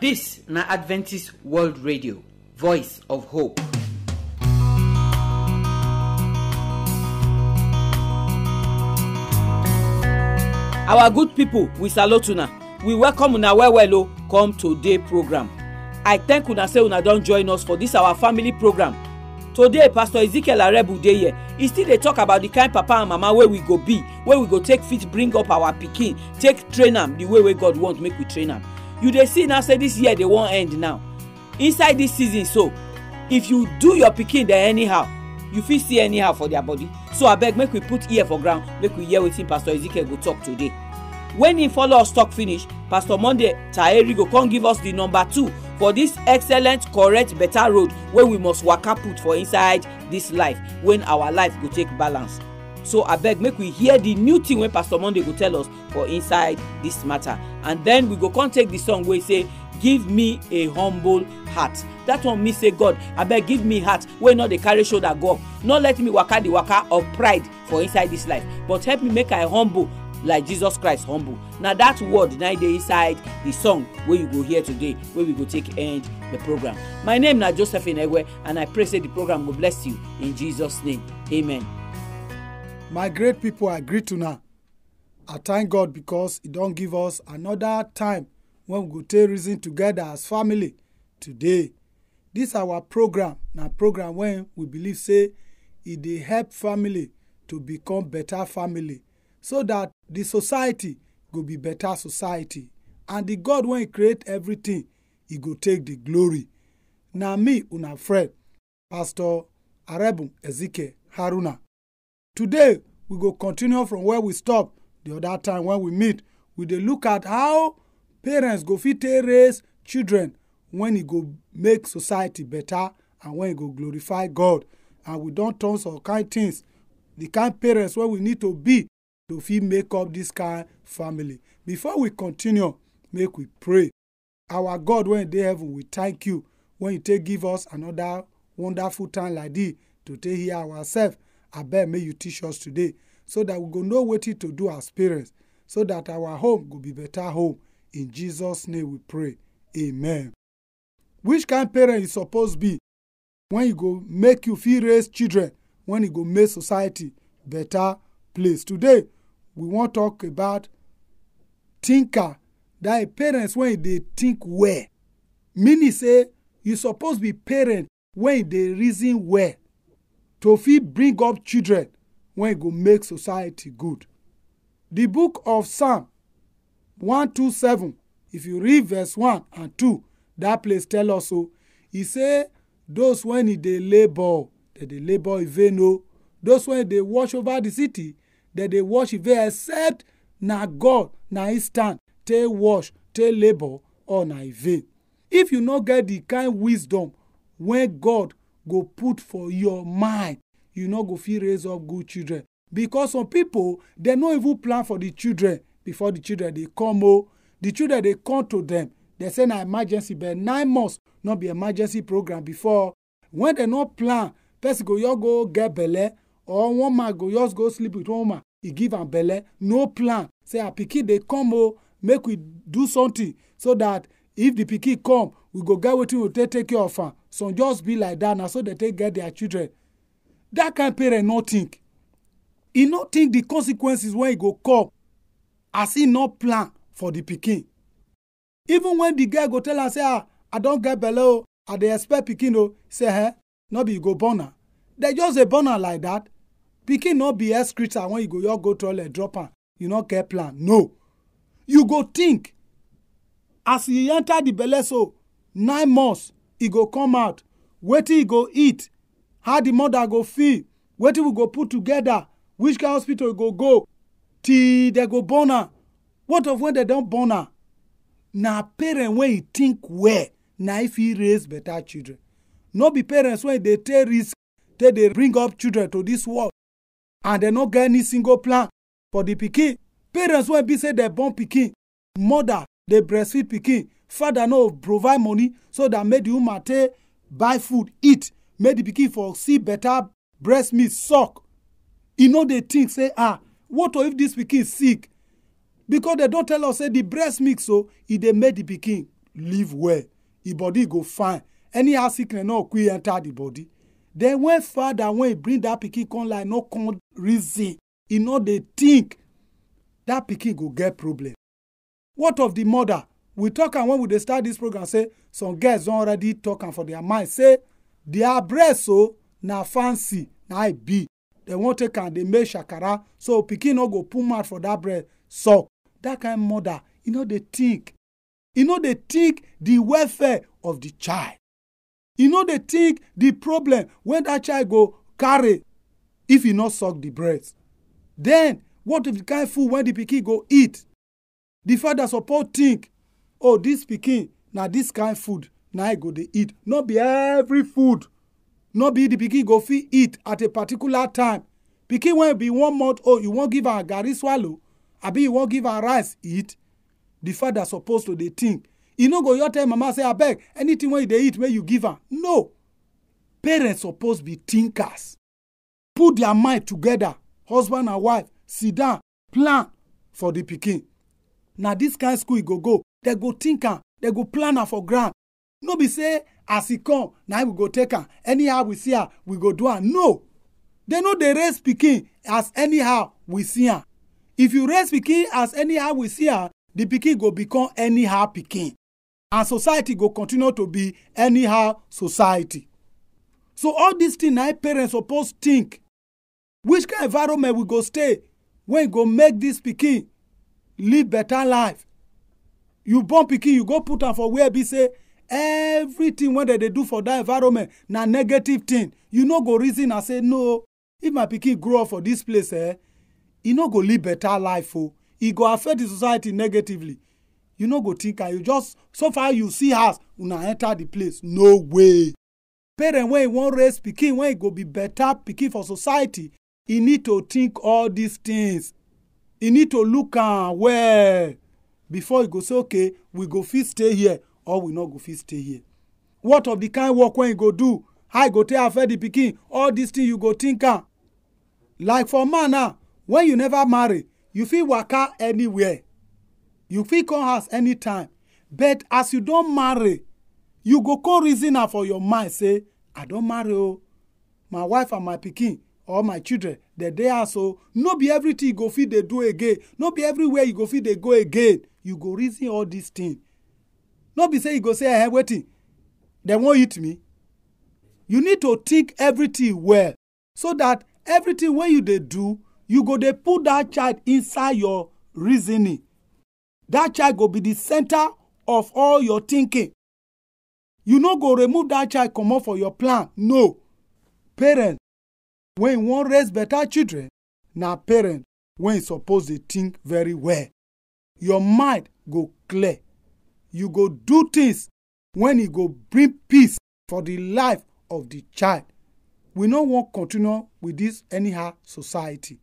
This na adventist world radio voice of hope our good people we salute una we welcome una well well o oh, come today program i thank una say una don join us for this our family program today pastor ezekiel arebu dey here he still dey talk about the kind papa and mama wey we go be wey we go take fit bring up our pikin take train am the way wey god want make we train am you dey see now say this year dey wan end now inside this season so if you do your pikin dem anyhow you fit see anyhow for their body so abeg make we put ear for ground make we hear wetin pastor ezekiel go talk today when he follow us talk finish pastor monday taeri go come give us the number two for this excellent correct better road wey we must waka put for inside this life when our life go take balance so abeg make we hear the new thing wey pastor monday go tell us for inside this matter and then we go come take the song wey say give me a humble heart that one mean say god abeg give me heart wey no dey carry shoulder go up no let me waka the waka of pride for inside this life but help me make i humble like jesus christ humble na that word na dey inside the song wey you go hear today wey we go take end the program my name na josephine Ewe, and i pray say the program go bless you in jesus name amen my great people, i greet una i thank god because He don't give us another time when we go take reason together as family today this our program na program when we believe say it e dey help family to become better family so that the society go be better society and the god wey create everything He go take the glory na me una friend pastor arebun ezike haruna today we go continue from where we stop the other time when we meet we dey look at how parents go fit take raise children when e go make society better and when e go glorify god and we don turn some kind things the kind parents wey we need to be to fit make up this kind family before we continue make we pray our god wey dey heaven we thank you when you take give us another wonderful time like this to take hear ourselves abeg may you teach us today so that we go know wetin to do as parents so that our home go be better home in jesus name we pray amen. which kind parent you suppose be when you go make you fit raise children when you go make society better place today we wan talk about thinker that parents parent wey dey think well meaning say you suppose be parent wey dey reason well to fit bring up children wey e go make society good the book of psalm 127 if you read verse 1 and 2 that place tell us so. He say those when they e labor, they labor dey labour in those when they e watch over the city dem they watch in vain except na god na him stand take watch take labor, or na in vain if you no get the kind wisdom when god go put for your mind you no go fit raise up good children because some people they no even plan for the children before the children dey come o oh. the children dey come to them they say na emergency but nine months no be emergency program before when they no plan person go just go get belle or one man go just go sleep with one woman e give am belle no plan say her pikin dey come o oh. make we do something so that if the pikin come we go get wetin we take take care of am some just be like that, na so dem take get their children dat kain parent no think e no think the consequences wey e go come as e no plan for the pikin even when the girl go tell am say ah i don get belle o oh, i dey expect pikin o oh, say eh no be you go born am dem just dey born am like that. pikin no be excreta when you go just go toilet drop am you no get plan no you go think as e enter the belle so nine months e go come out wetin e go eat how the mother go feel wetin we go put together which kind hospital go go till they go born am what of when they don born am na parent wey e think well na e fit raise better children no be parents wey dey take risk take dey bring up children to this world and dem no get any single plan for the pikin parents wey be say dem born pikin mother dey breastfeed pikin father no provide money so that make the woman take buy food eat make the pikin for see better breast milk suck e no dey think say ah what if this pikin sick because dem don tell us say the breast milk so e dey make the pikin live well e body go fine anyhow sickness no quick enter the body then when father when he bring that pikin come like no come reason e no dey think that pikin go get problem what of the mother we talk am when we dey start this program say some girls don already talk am for their mind say their breast o na fancy na e be dem wan take am dey make shakara so pikin no go put mouth for that breast suck so, dat kind mother e no dey think e no dey think the welfare of the child e no dey think the problem wey that child go carry if e no suck the breast then what if the kind food wey the pikin go eat the father suppose think oh this pikin na This kind food na I go dey eat no be every food no be the pikin go fit eat at a particular time pikin wey be one month old you wan give am garri swallow abi you wan give am rice eat the father suppose to dey think e no go your tell mama say abeg anything wey you dey eat make you give am no parents suppose be thinkers put their mind together husband and wife sit down plan for the pikin na this kind school e go go dem go think am dem go plan am for ground no be say as e come na we go take am anyhow we see am we go do am no dem no dey raise pikin as anyhow we see am if you raise pikin as anyhow we see am the pikin go become anyhow pikin and society go continue to be anyhow society so all these things na parents suppose think which kind of environment we go stay wey go make this pikin live better life you born pikin you go put am for where be say everything wey dem dey do for that environment na negative thing you no go reason and say no if my pikin grow up for this place eh e no go live better life o oh. e go affect the society negatively you no go think am you just so far you see house una enter the place no way parent wey e wan raise pikin wey e go be better pikin for society e need to think all these things e need to look am well before you go say okay we go fit stay here or we no go fit stay here what of the kind work wey you go do how you go take affect the pikin all these things you go think am like for man now when you never marry you fit waka anywhere you fit come house anytime but as you don marry you go come reason am for your mind say i don marry o oh. my wife and my pikin or my children dey dey house o oh. no be everything you go fit dey do again no be everywhere you go fit dey go again you go reason all this thing no be say you go say eh wetin dem wan hit me you need to think everything well so that everything wey you dey do you go dey put that child inside your reasoning That child go be the center of all your thinking you no go remove that child comot for your plan no parents wey wan raise better children na parents wey suppose dey think very well your mind go clear you go do things when e go bring peace for the life of the child we no wan continue with this anyhow society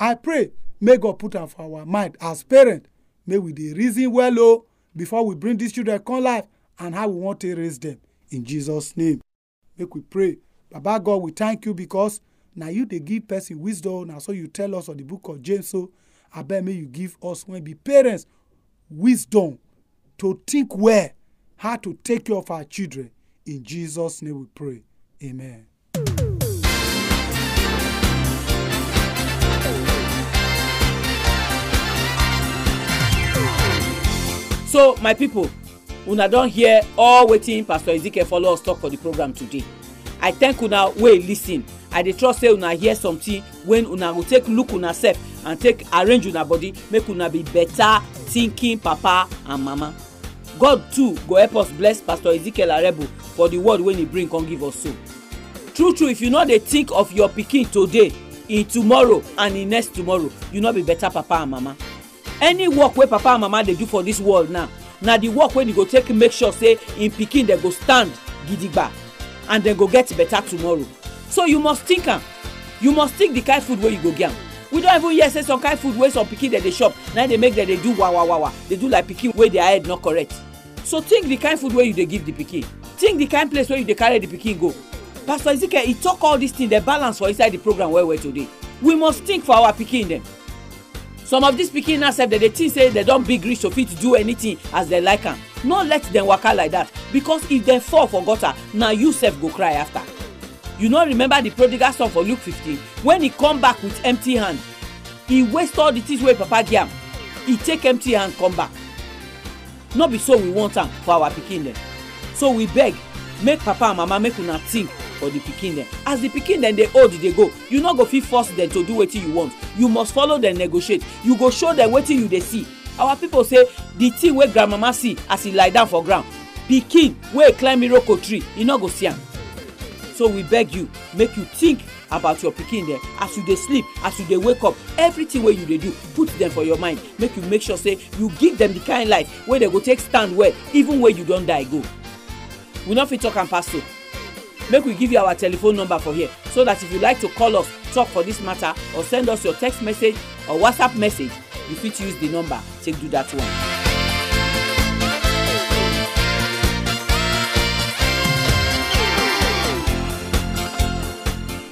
i pray may god put am for our mind as parents may we dey reason well o oh, before we bring these children come life and how we wan take raise them in jesus name make we pray baba god we thank you because na you dey give person wisdom na so you tell us for the book of james o oh. so abeg may you give us when be parents wisdom to think well how to take care of our children in jesus name we pray amen. so my people una don hear all wetin pastor ezekiel follow us talk for the program today i thank una wey lis ten i dey trust say una hear something when una go take look una sef and take arrange una body make una be better thinking papa and mama god too go help us bless pastor ezekiel Arebo for the word wey he bring come give us so true true if you no dey think of your pikin today in tomorrow and in next tomorrow you no be better papa and mama any work wey papa and mama dey do for this world now na the work wey e go take make sure say im pikin dem go stand gidigba and dem go get better tomorrow so you must think am you must think the kind food wey you go get am we don even hear say some kind food wey some pikin dem dey chop na dey make dem dey do wawawawa dey do like pikin wey their head no correct so think the kind food wey you dey give the pikin think the kind place wey you dey carry the pikin go pastor ezekiel he talk all this thing. dey balance for inside the program well well today we must think for our pikin dem some of these pikin now sef dem dey think say dem don big reach to fit do anything as dem like am no let dem waka like that because if dem fall for gutter na you sef go cry after you no remember the prodigal son for luke 15. when he come back with empty hand he waste all the things wey papa give am he take empty hand come back no be so we want am for our pikin dem so we beg make papa and mama make una think for the pikin dem as the pikin dem dey old e dey go you no go fit force dem to do wetin you want you must follow dem negotiate you go show dem wetin you dey see our people say the thing wey grandmama see as he lie down for ground pikin wey climb iroko tree e no go see am so we beg you make you think about your pikin dem as you dey sleep as you dey wake up everything wey you dey do put dem for your mind make you make sure say you give dem the kind life wey dem go take stand well even when you don die go we no fit talk am pass so make we give you our telephone number for here so that if you like to call us talk for this matter or send us your text message or whatsapp message you fit use the number take do that one.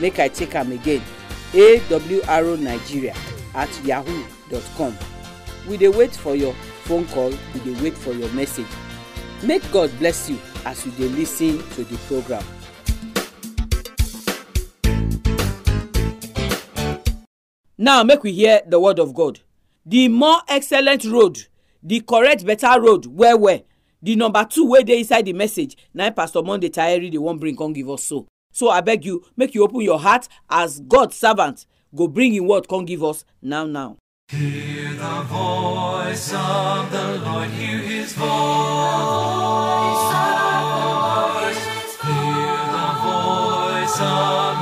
make i take am again awronigeria at yahoo dot com. we dey wait for your phone call we dey wait for your message make god bless you as you dey lis ten to the program. now make we hear the word of god the more excellent road the correct better road well well the number two wey dey inside the message na pastor monday tayeri dey wan bring come give us so so I beg you make you open your heart as god servant go bring him word come give us now now. hear the voice of the lord hear his voice. Hear the voice of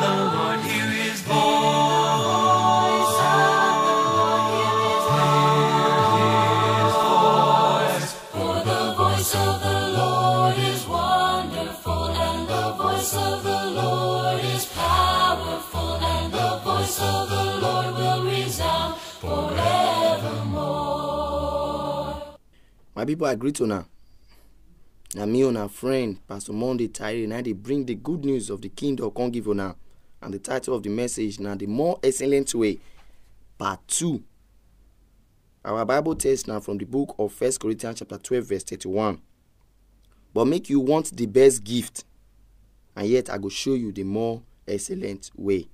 my people, i greet una na me una friend pastor monday tire na dey bring the good news of the kingdom come give una and the title of the message na the more excellent way part two our bible text na from the book of first corinthians chapter twelve verse thirty-one but make you want the best gift and yet i go show you the more excellent way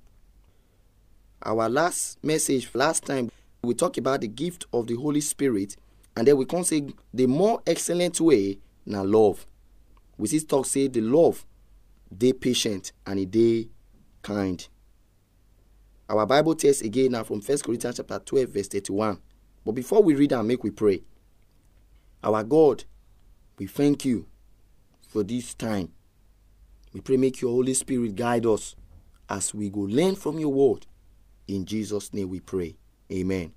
our last message last time we talk about the gift of the holy spirit And then we can say the more excellent way now love. We see talk say the love, they patient and they kind. Our Bible text again now from 1 Corinthians chapter 12, verse 31. But before we read and make we pray. Our God, we thank you for this time. We pray make your Holy Spirit guide us as we go learn from your word. In Jesus' name we pray. Amen.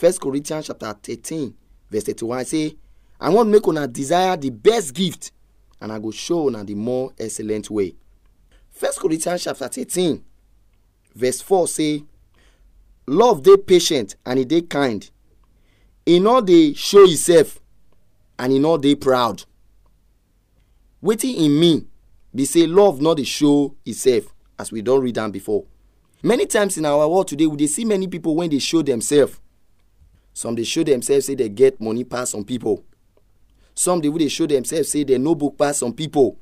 1 Corinthians chapter 13, verse 31 say i wan make una desire the best gift and i go show una the more excellent way first corinthians chapter 13 verse 4 say love dey patient and e dey kind e no dey show itself and e no dey proud wetin e mean be say love no dey show itself as we don read am before many times in our world today we dey see many people wey dey show themselves some dey show themselves say they get money pass some people some dey wey dey show themselves say they no book pass some people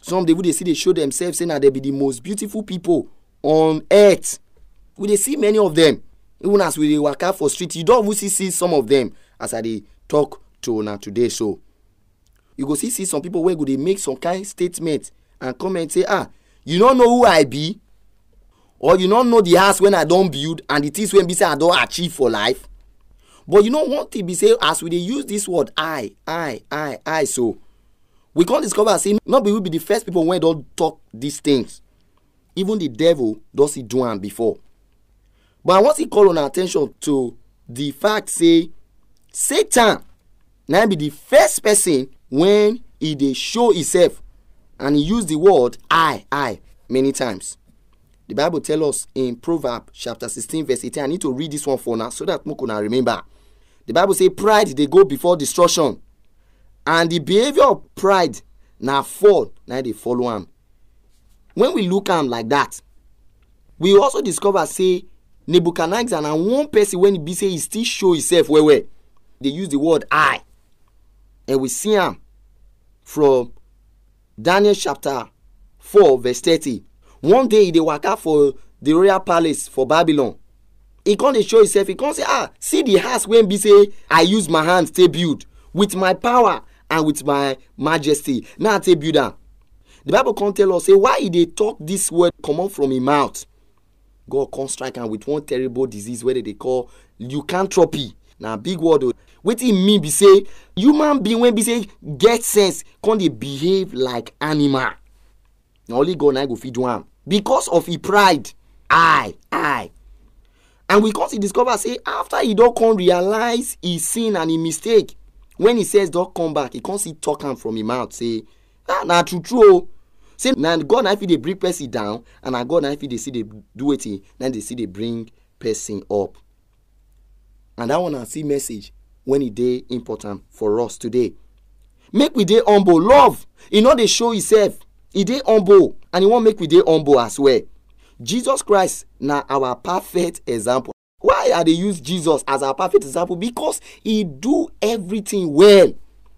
some dey wey dey see dey show themselves say na they be the most beautiful people on earth we dey see many of them even as we dey waka for street you don even see see some of them as i dey talk to una today so you go see see some people wey go dey make some kind statement and comment say ah you no know who i be or you no know the house wey i don build and the things wey be say i don achieve for life but you know one thing be say as we dey use this word i i i i so we come discover say no be we be the first people wey don talk these things even the devil don see do am before but i wan still call una attention to the fact say satan na be the first person when he dey show himself and he use the word i i many times the bible tell us in proverbs chapter sixteen verse eighteen i need to read this one for una so that make una remember the bible say pride dey go before destruction and the behaviour of pride na fall na dey follow am when we look am like that we also discover say nebuchadnezzar na one person wey e be say he still show himself well well dey use the word i and we see am from daniel chapter four verse thirty one day he dey waka for the royal palace for babylon He come dey show himself He come say ah see the house wey be say i use my hands take build with my power and with my majesty Now, i take build am the bible come tell us say why e dey talk this word comot from im mouth god come strike am with one terrible disease wey dem dey call Leukanthropy. na big word o wetin e mean be say human being wey be say get sense come dey behave like animal na only god na go fit do am because of e pride i i and we because see. discover say after he don come realize he sin and he mistake when he says don come back he come see talk am from him mouth say ah na true true o oh. say na god na fit dey bring person down and na god na fit dey see dey do wetin na dey see dey bring person up and that one na see message when e dey important for us today make we dey humble love e no dey show e sef e dey humble and e wan make we dey humble as well jesus christ na our perfect example why i dey use jesus as our perfect example because he do everything well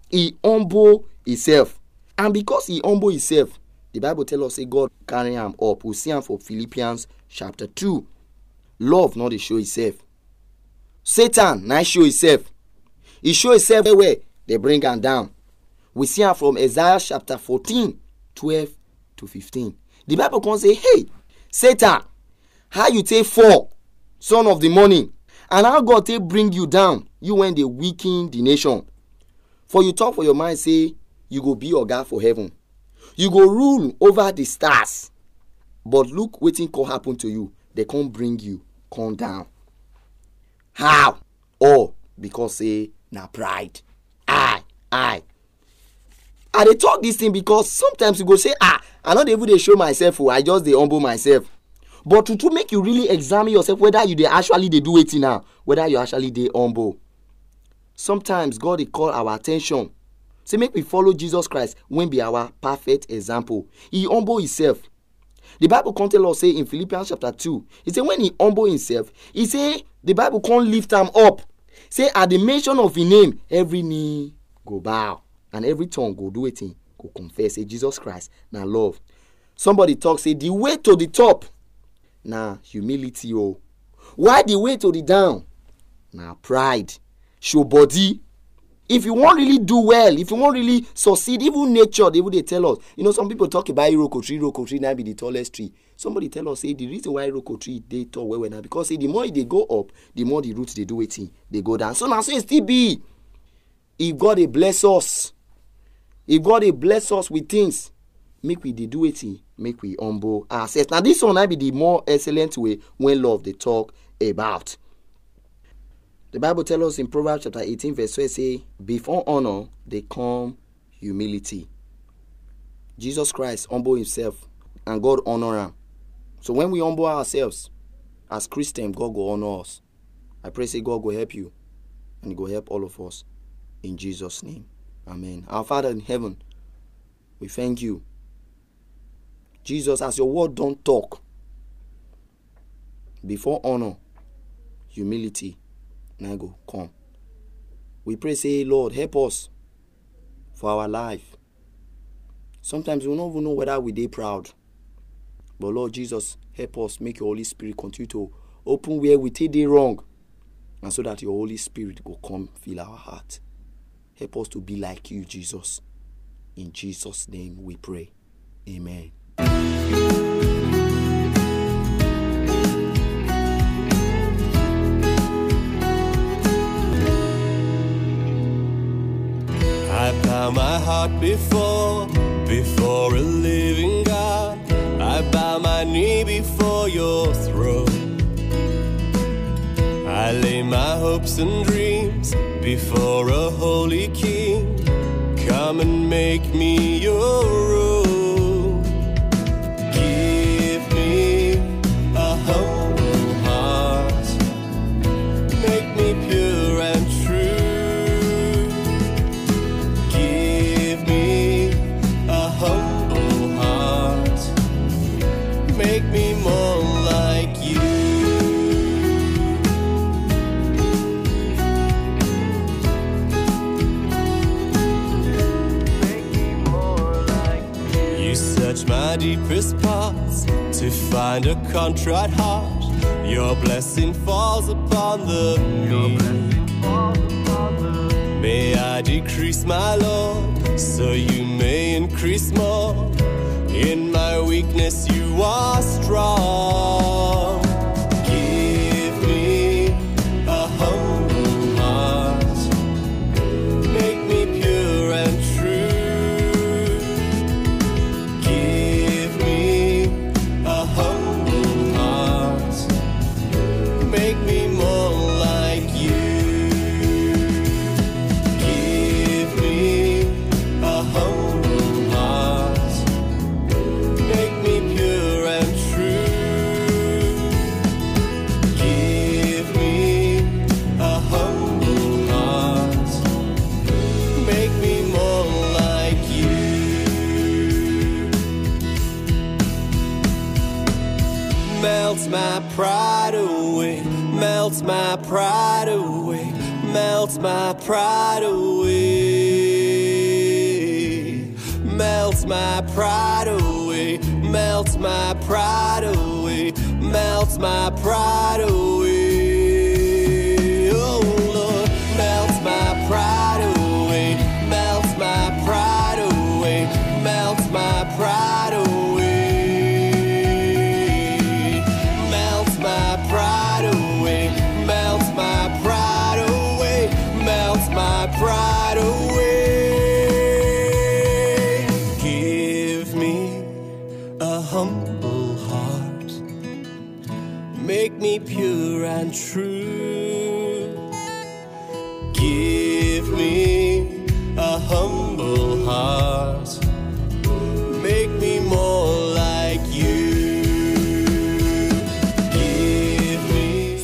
he humble himself and because he humble himself the bible tell us say god carry am up we see am for philippians chapter two love no dey show itself. satan na show itself. he show himself well well dey bring am down we see am from isaiah chapter fourteen twelve to fifteen the bible come say hey satan how you take fall son of the morning and how god take bring you down you wen dey weaken the nation for you talk for your mind say you go be oga for heaven you go rule over the stars but look wetin come happen to you dey come bring you come down how all oh, because say na pride i i i dey talk this thing because sometimes you go say ah i no dey even dey show myself o oh. i just dey humble myself but to to make you really examine yourself whether you dey actually dey do wetin now whether you actually dey humble sometimes god dey call our attention say make we follow jesus christ wey be our perfect example he humble himself the bible come tell us say in philippians chapter two he say when he humble himself he say the bible come lift am up say at the mention of him name every knee go bow and every tongue go do wetin go confess say jesus christ na love somebody talk say the way to the top na humility o oh. Why the way to the down na pride show body if you wan really do well if you wan really succeed even nature dey even dey tell us you know some people talk about iroko tree iroko tree na be the tallest tree somebody tell us say the reason why iroko tree dey tall well well na because say the more e dey go up the more the root dey do wetin dey go down so na so e still be if god dey bless us If God will bless us with things, make we dey do make we humble ourselves. Now this one might be the more excellent way when love they talk about. The Bible tells us in Proverbs chapter 18, verse 12, say, Before honor, they come humility. Jesus Christ humble himself and God honor him. So when we humble ourselves as Christians, God will honor us. I pray say God will help you and He will help all of us in Jesus' name. Amen. Our Father in heaven, we thank you. Jesus, as your word don't talk, before honor, humility, now go come. We pray, say, Lord, help us for our life. Sometimes we don't even know whether we dey proud. But Lord Jesus, help us make your Holy Spirit continue to open where we did dey wrong. And so that your Holy Spirit will come fill our heart. Help us to be like you, Jesus. In Jesus' name we pray. Amen. I bow my heart before, before a living God. I bow my knee before your throne. I lay my hopes and before a holy king. Come and make me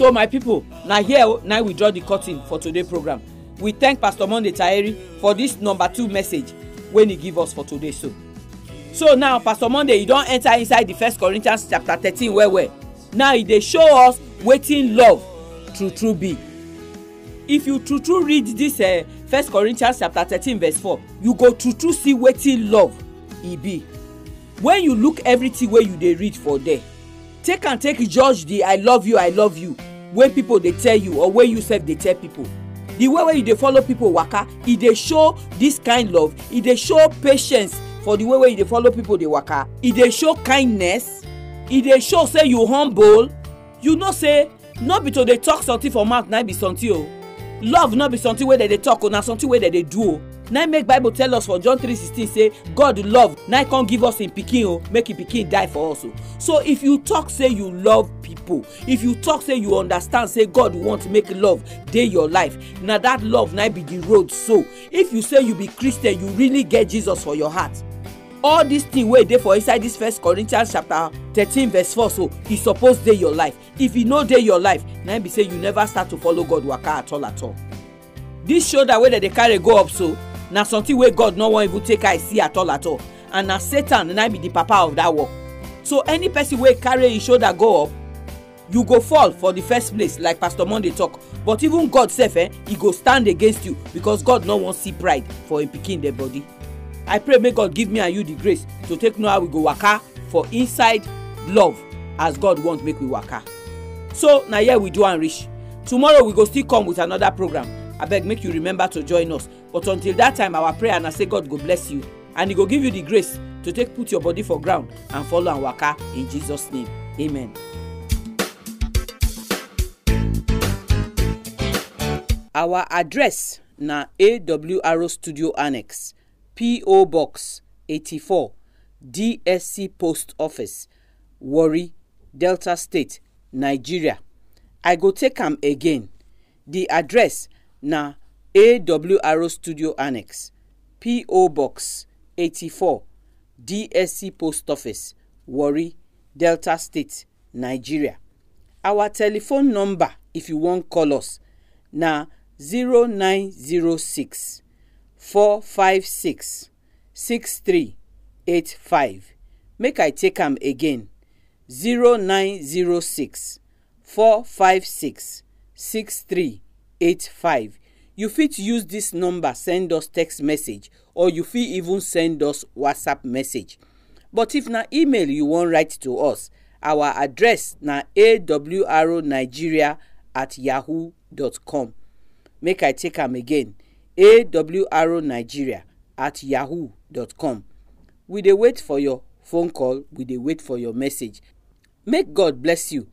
so my people na here na we draw the curtain for today program we thank pastor monday taeri for this number two message wey he give us for today so so now pastor monday e don enter inside the first corinthians chapter thirteen well well now e dey show us wetin love true true be if you true true read this uh, first corinthians chapter thirteen verse four you go true true see wetin love e be when you look everything wey you dey read for there take am take judge the i love you i love you wey people dey tell you or wey you sef dey tell people, the way wey you dey follow people waka e dey show this kind love e dey show patience for the way wey you dey follow people dey waka e dey show kindness e dey show say you humble you know say no be to dey talk something for mouth na be something o love no be something wey dem dey talk o na something wey dem dey do o na make bible tell us for john three sixteen say god love na come give us him pikin o oh, make him pikin die for us o oh. so if you talk say you love people if you talk say you understand say god want make love dey your life na that love na be the road so if you say you be christian you really get jesus for your heart all this thing wey dey for inside this first corinthians chapter thirteen verse four so e suppose dey your life if e no dey your life na be say you never start to follow god waka at all at all this shoulder wey dem dey carry go up so na something wey god no wan even take eye see at all at all and na satan na be the papa of that work so any person wey carry him shoulder go up you go fall for the first place like pastor monday talk but even god sef eh he go stand against you because god no wan see pride for him pikin dem body i pray make god give me and you the grace to take know how we go waka for inside love as god want make we waka so na here we do am reach tomorrow we go still come with another program abeg make you remember to join us but until that time our prayer na say god go bless you and he go give you the grace to take put your body for ground and follow am waka in jesus name amen. our address na awro studio annex po box eighty-four dsc post office warri delta state nigeria i go take am again the address na awr studio annex po box 84 dsc post office warri delta state nigeria our telephone number if you wan call us na zero zero nine six six six four five three eight five. make i take am again Zero zero nine six four five six six three. 8585. You fit use this number send us text message or you fit even send us WhatsApp message. But if na email you wan write to us, our address na awronigeria at yahoo dot com. Make I take am again awronigeria at yahoo dot com. We dey wait for your phone call, we dey wait for your message. Make God bless you.